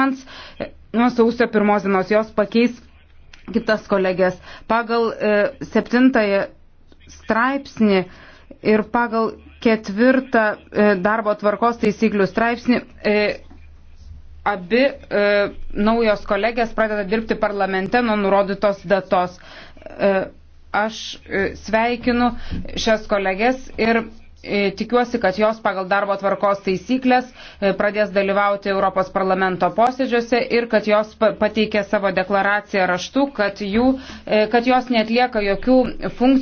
Kaufmans nuo sausio pirmos dienos jos pakeis kitas kolegės. Pagal e, septintąją straipsnį ir pagal ketvirtą e, darbo tvarkos taisyklių straipsnį e, abi e, naujos kolegės pradeda dirbti parlamente nuo nurodytos datos. E, aš e, sveikinu šias kolegės ir E, tikiuosi, kad jos pagal darbo tvarkos taisyklės e, pradės dalyvauti Europos parlamento posėdžiuose ir kad jos pateikė savo deklaraciją raštu, kad, jų, e, kad jos netlieka jokių funkcijų.